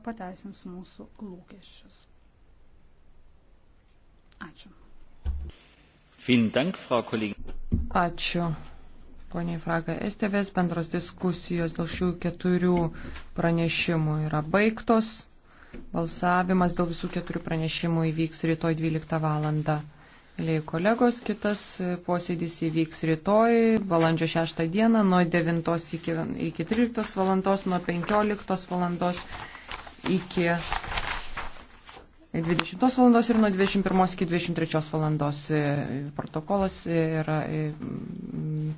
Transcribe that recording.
pateisins mūsų lūkesčius. Ačiū. Ačiū. Poniai Fraga Estevės bendros diskusijos dėl šių keturių pranešimų yra baigtos. Balsavimas dėl visų keturių pranešimų įvyks rytoj 12 val. Mėlyje kolegos, kitas posėdis įvyks rytoj, balandžio 6 dieną, nuo 9 iki, iki 13 val. nuo 15 val iki 20 valandos ir nuo 21 iki 23 valandos protokolas yra